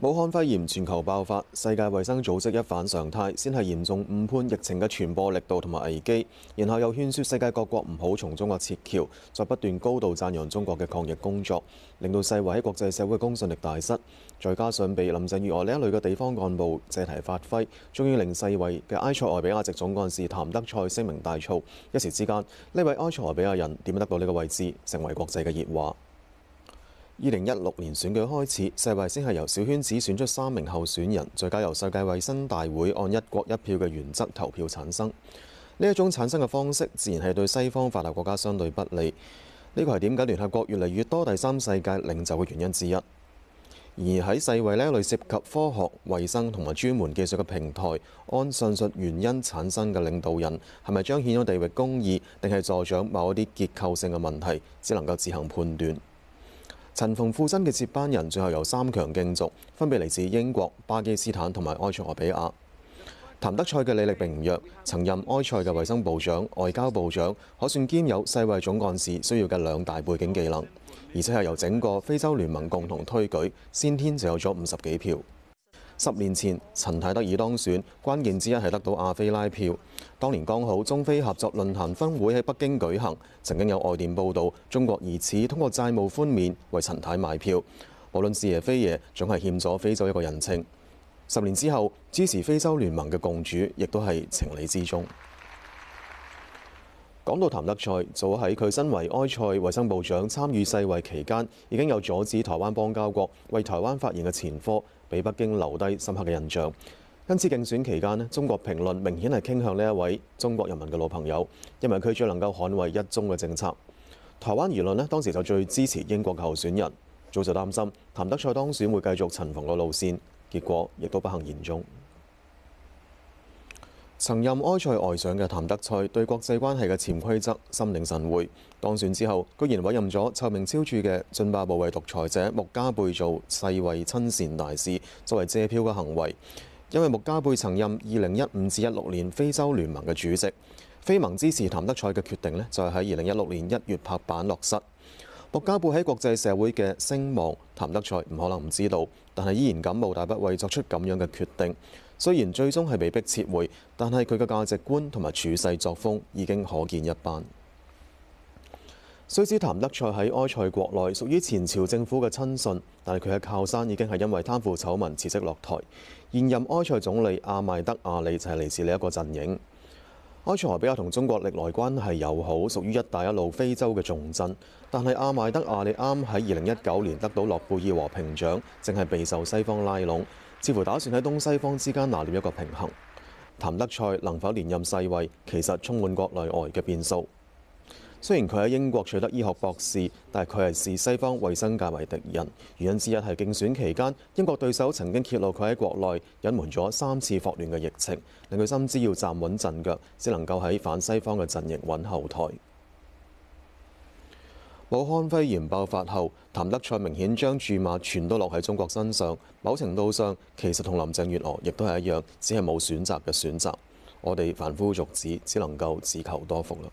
武漢肺炎全球爆發，世界衛生組織一反常態，先係嚴重誤判疫情嘅傳播力度同埋危機，然後又勸説世界各國唔好從中國撤僑，再不斷高度讚揚中國嘅抗疫工作，令到世衞喺國際社會嘅公信力大失。再加上被林鄭月娥呢一類嘅地方幹部借題發揮，終於令世衞嘅埃塞俄比亞籍總幹事譚德塞聲名大噪。一時之間，呢位埃塞俄比亞人點樣得到呢個位置，成為國際嘅熱話。二零一六年選舉開始，世衛先係由小圈子選出三名候選人，再加由世界衞生大會按一國一票嘅原則投票產生。呢一種產生嘅方式，自然係對西方發達國家相對不利。呢個係點解聯合國越嚟越多第三世界領袖嘅原因之一。而喺世衛呢類涉及科學、衞生同埋專門技術嘅平台，按上述原因產生嘅領導人係咪彰顯咗地域公義，定係助長某一啲結構性嘅問題，只能夠自行判斷。陳馮富珍嘅接班人最後由三強競逐，分別嚟自英國、巴基斯坦同埋埃塞俄比亞。譚德塞嘅履歷並唔弱，曾任埃塞嘅衛生部長、外交部長，可算兼有世衛總幹事需要嘅兩大背景技能，而且係由整個非洲聯盟共同推舉，先天就有咗五十幾票。十年前，陳太得以當選，關鍵之一係得到亞非拉票。當年剛好中非合作論壇分會喺北京舉行，曾經有外電報導中國疑似通過債務寬免為陳太買票。無論是耶非耶，總係欠咗非洲一個人情。十年之後，支持非洲聯盟嘅共主，亦都係情理之中。講到譚德塞，早喺佢身為埃塞衛生部長參與世衛期間，已經有阻止台灣邦交國為台灣發言嘅前科，俾北京留低深刻嘅印象。今次競選期間呢，中國評論明顯係傾向呢一位中國人民嘅老朋友，因為佢最能夠捍衛一中嘅政策。台灣輿論呢當時就最支持英國嘅候選人，早就擔心譚德塞當選會繼續陳馮嘅路線，結果亦都不幸言中。曾任埃塞外長嘅譚德塞對國際關係嘅潛規則心領神會，當選之後居然委任咗臭名昭著嘅津巴布韋獨裁者穆加貝做世衛親善大使，作為借票嘅行為。因為穆加貝曾任二零一五至一六年非洲聯盟嘅主席，非盟支持譚德塞嘅決定呢，就係喺二零一六年一月拍板落實。穆加貝喺國際社會嘅聲望，譚德塞唔可能唔知道，但係依然敢冒大不韙作出咁樣嘅決定。雖然最終係被迫撤回，但係佢嘅價值觀同埋處世作風已經可見一斑。雖知譚德塞喺埃塞國內屬於前朝政府嘅親信，但係佢嘅靠山已經係因為貪腐醜聞辭職落台。現任埃塞總理阿麥德阿里就係嚟自呢一個陣營。埃塞俄比亞同中國歷來關係友好，屬於一帶一路非洲嘅重鎮。但係阿麥德阿里啱喺二零一九年得到諾貝爾和平獎，正係備受西方拉攏。似乎打算喺東西方之間拿捏一個平衡。譚德塞能否連任世衛，其實充滿國內外嘅變數。雖然佢喺英國取得醫學博士，但係佢係視西方衛生界為敵人。原因之一係競選期間，英國對手曾經揭露佢喺國內隱瞞咗三次霍亂嘅疫情，令佢深知要站穩陣腳，先能夠喺反西方嘅陣營揾後台。武漢肺炎爆發後，譚德塞明顯將注碼全都落喺中國身上，某程度上其實同林鄭月娥亦都係一樣，只係冇選擇嘅選擇。我哋凡夫俗子只能夠自求多福啦。